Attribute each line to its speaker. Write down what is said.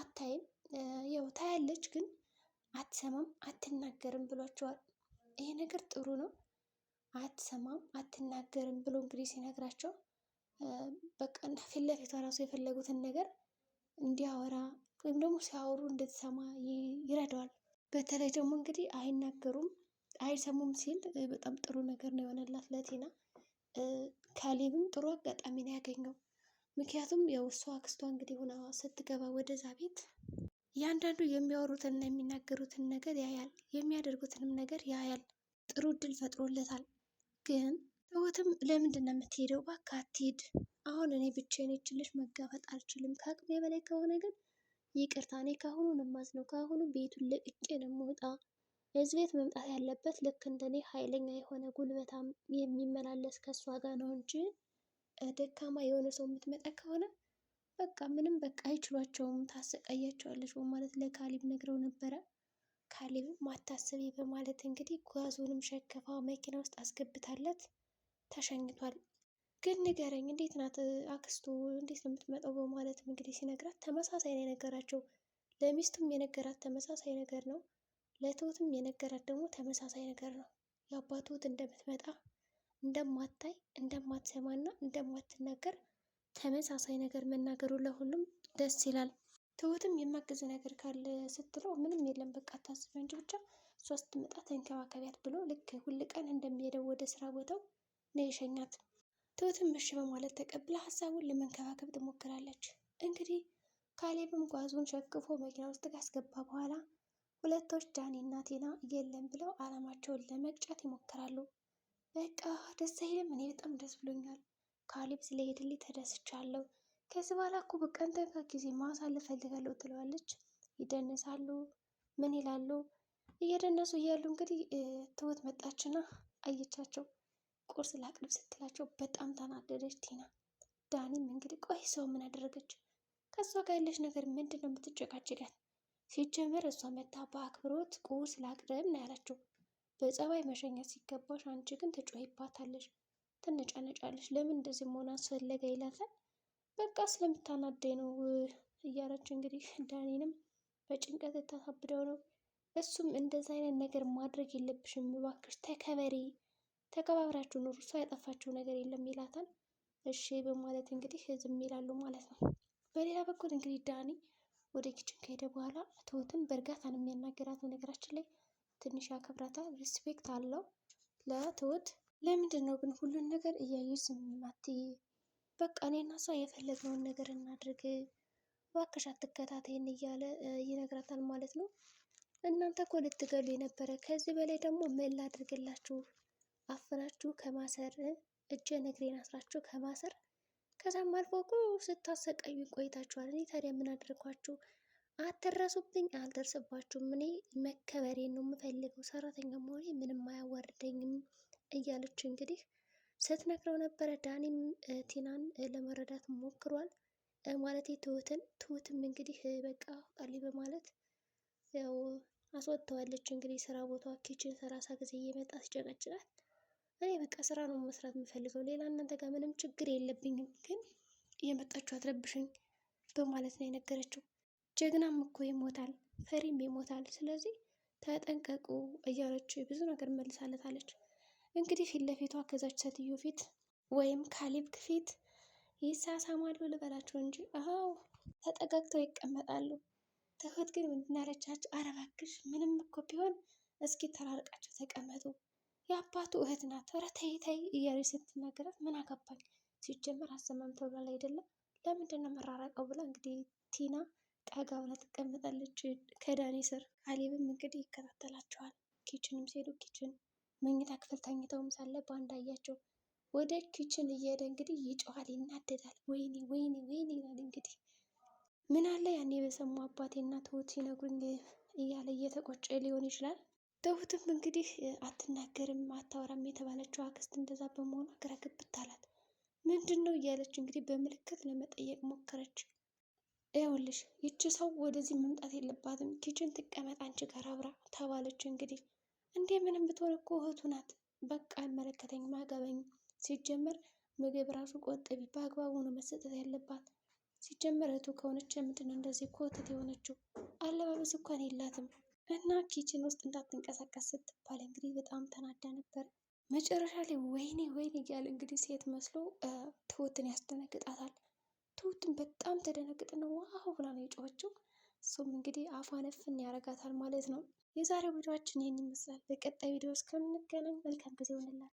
Speaker 1: አታይም፣ ያው ታያለች ግን አትሰማም፣ አትናገርም ብሏቸዋል። ይሄ ነገር ጥሩ ነው። አትሰማም፣ አትናገርም ብሎ እንግዲህ ሲነግራቸው በቃ ፊት ለፊቷ ራሱ የፈለጉትን ነገር እንዲያወራ ወይም ደግሞ ሲያወሩ እንድትሰማ ይረዳዋል። በተለይ ደግሞ እንግዲህ አይናገሩም አይሰሙም ሲል በጣም ጥሩ ነገር ነው የሆነላት ለቲና። ካሌብም ጥሩ አጋጣሚ ነው ያገኘው። ምክንያቱም ያው እሷ አክስቷ እንግዲህ ሆና ስትገባ ወደዛ ቤት እያንዳንዱ የሚያወሩትንና የሚናገሩትን ነገር ያያል፣ የሚያደርጉትንም ነገር ያያል። ጥሩ እድል ፈጥሮለታል። ግን ትሁትም ለምንድን ነው የምትሄደው? እባክህ አትሄድ። አሁን እኔ ብቻዬን ይህችን ልጅ መጋፈጥ አልችልም። ከአቅሜ በላይ ከሆነ ግን ይቅርታ፣ እኔ ከአሁኑ ነው ከአሁኑ ቤቱን ለቅቄ ነው የምወጣ። እዚህ ቤት መምጣት ያለበት ልክ እንደኔ ኃይለኛ የሆነ ጉልበታም የሚመላለስ ከእሷ ጋር ነው እንጂ ደካማ የሆነ ሰው የምትመጣ ከሆነ በቃ ምንም በቃ አይችሏቸውም፣ ታሰቃያቸዋለች በማለት ለካሌብ ነግረው ነበረ። ካሌብ አታስቢ በማለት እንግዲህ ጓዙንም ሸከፋ መኪና ውስጥ አስገብታለት ተሸኝቷል። ግን ንገረኝ፣ እንዴት ናት አክስቶ እንዴት ነው የምትመጣው? በማለት እንግዲህ ሲነግራት ተመሳሳይ ነው የነገራቸው። ለሚስቱም የነገራት ተመሳሳይ ነገር ነው። ለትሁትም የነገራት ደግሞ ተመሳሳይ ነገር ነው። የአባትሁት እንደምትመጣ እንደማታይ እንደማትሰማና እንደማትናገር ተመሳሳይ ነገር መናገሩ ለሁሉም ደስ ይላል። ትሁትም የማግዝ ነገር ካለ ስትለው ምንም የለም በቃ አታስቢ እንጂ ብቻ እሷ ስትመጣ ተንከባከቢያት ብሎ ልክ ሁል ቀን እንደሚሄደው ወደ ስራ ቦታው ነው የሸኛት። ትሁትም እሺ በማለት ተቀብላ ሀሳቡን ለመንከባከብ ትሞክራለች። እንግዲህ ካሌብም ጓዙን ሸክፎ መኪና ውስጥ ካስገባ በኋላ ሁለቶች ዳኒ እና ቴና የለም ብለው አላማቸውን ለመቅጨት ይሞክራሉ። በቃ ደስ አይልም። እኔ በጣም ደስ ብሎኛል። ካሌብ ስለሄድልኝ ተደስቻለሁ። ከዚህ በኋላ እኮ በቃ እንትን ጊዜ ማሳለፍ ፈልጋለሁ ትለዋለች። ይደንሳሉ። ምን ይላሉ? እየደነሱ እያሉ እንግዲህ ትሁት መጣችና አየቻቸው። ቁርስ ላቅርብ ስትላቸው በጣም ተናደደች ቲና። ዳኒም እንግዲህ ቆይ ሰው ምን አደረገች? ከእሷ ጋር ያለች ነገር ምንድን ነው የምትጨቃጭቀን? ሲጀመር እሷ መታ በአክብሮት ቁርስ ላቅርብ ነው ያላቸው። በጸባይ መሸኘት ሲገባሽ አንቺ ግን ትጮሂባታለሽ፣ ትነጫነጫለሽ፣ ለምን እንደዚህ መሆን አስፈለገ ይላታል። በቃ ስለምታናደኝ ነው እያለች እንግዲህ ዳኒንም በጭንቀት ልታሳብደው ነው። እሱም እንደዚህ አይነት ነገር ማድረግ የለብሽም እባክሽ ተከበሪ፣ ተከባብራችሁ ኑሩ፣ እሷ ያጠፋችው ነገር የለም ይላታል። እሺ በማለት እንግዲህ ዝም ይላሉ ማለት ነው። በሌላ በኩል እንግዲህ ዳኒ ወደ ኪችን ከሄደ በኋላ ትሁትን በእርጋታ ነው የሚያናገራት። ነገራችን ላይ ትንሽ ያከብራታል፣ ሪስፔክት አለው ለትሁት። ለምንድን ነው ግን ሁሉን ነገር እያዩ ዝም በቃ እኔና እሷ የፈለግነውን ነገር እናድርግ፣ እባክሽ አትከታተይን እያለ ይነግራታል ማለት ነው። እናንተ እኮ ልትገሉ የነበረ ከዚህ በላይ ደግሞ ምን ላድርግላችሁ? አፍናችሁ ከማሰር እጀ እግሬን አስራችሁ ከማሰር ከዛም አልፎ እኮ ስታሰቃዩኝ ቆይታችኋል። እኔ ታዲያ ምን አድርጓችሁ አትረሱብኝ፣ አልደርስባችሁም። እኔ መከበሬ ነው የምፈልገው፣ ሰራተኛ መሆኔ ምንም አያዋርደኝም እያለች እንግዲህ ስትነግረው ነበረ። ዳኒም ቲናን ለመረዳት ሞክሯል። ማለት ትሁትን ትሁትም እንግዲህ በቃ ቃሊ በማለት ያው አስወጥተዋለች። እንግዲህ ስራ ቦታ ኪችን ሰላሳ ጊዜ እየመጣ ሲጨቀጭቃት እኔ በቃ ስራ ነው መስራት የምፈልገው፣ ሌላ እናንተ ጋር ምንም ችግር የለብኝም፣ ግን እየመጣችሁ አትረብሽኝ በማለት ነው የነገረችው። ጀግናም እኮ ይሞታል፣ ፈሪም ይሞታል። ስለዚህ ተጠንቀቁ እያለች ብዙ ነገር መልሳለታለች። እንግዲህ ፊት ለፊቷ ከዛች ሴትዮ ፊት ወይም ካሌብ ፊት ይሳሳማሉ ልበላቸው እንጂ አው ተጠጋግተው ይቀመጣሉ። ትሁት ግን ምንድናለቻቸው? ኧረ እባክሽ ምንም እኮ ቢሆን እስኪ ተራርቃቸው ተቀመጡ። የአባቱ እህት ናት። ኧረ ተይ ተይ እያለች ስትናገራት ምን አገባኝ ሲጀመር አሰማም ተብሏል አይደለም ለምንድን ነው መራራቀው ብላ እንግዲህ ቲና ጠጋ ብላ ትቀመጣለች ከዳኒ ስር። ካሌብም እንግዲህ ይከታተላቸዋል። ኪችንም ሲሄዱ ኪችን መኝታ ክፍል ተኝተውም ሳለ በአንድ አያቸው። ወደ ኪችን እየሄደ እንግዲህ ይጮሃል፣ ይናደዳል። ወይኔ ወይኔ ወይኔ ይላል እንግዲህ ምን አለ ያኔ በሰሙ አባቴ እና ትሁት ሲነግሩኝ እያለ እየተቆጨ ሊሆን ይችላል። ትሁትም እንግዲህ አትናገርም አታወራም የተባለችው አክስት እንደዛ በመሆኑ ግራ ገብቷት ምንድን ነው እያለች እንግዲህ በምልክት ለመጠየቅ ሞከረች። ይኸውልሽ ይቺ ሰው ወደዚህ መምጣት የለባትም ኪችን ትቀመጥ አንቺ ጋር አብራ ተባለች። እንግዲህ እንዴ ምንም ብትሆን እኮ እህቱ ናት። በቃ አይመለከተኝም፣ ማገበኝ። ሲጀመር ምግብ ራሱ ቆጥቢ፣ በአግባቡ ነው መሰጠት ያለባት። ሲጀመር እህቱ ከሆነች ምንድን ነው እንደዚህ ኮተት የሆነችው? አለባበስ እንኳን የላትም። እና ኪችን ውስጥ እንዳትንቀሳቀስ ስትባል እንግዲህ በጣም ተናዳ ነበር። መጨረሻ ላይ ወይኔ ወይኔ እያለ እንግዲህ ሴት መስሎ ትሁትን ያስደነግጣታል። ትሁትም በጣም ተደነግጥና ዋው ብላ ነው የጮኸችው። እሱም እንግዲህ አፏነፍን ያደርጋታል ማለት ነው። የዛሬው ቪዲዮችን ይህን ይመስላል። በቀጣይ ቪዲዮ እስከምንገናኝ መልካም ጊዜ ይሆንላችሁ።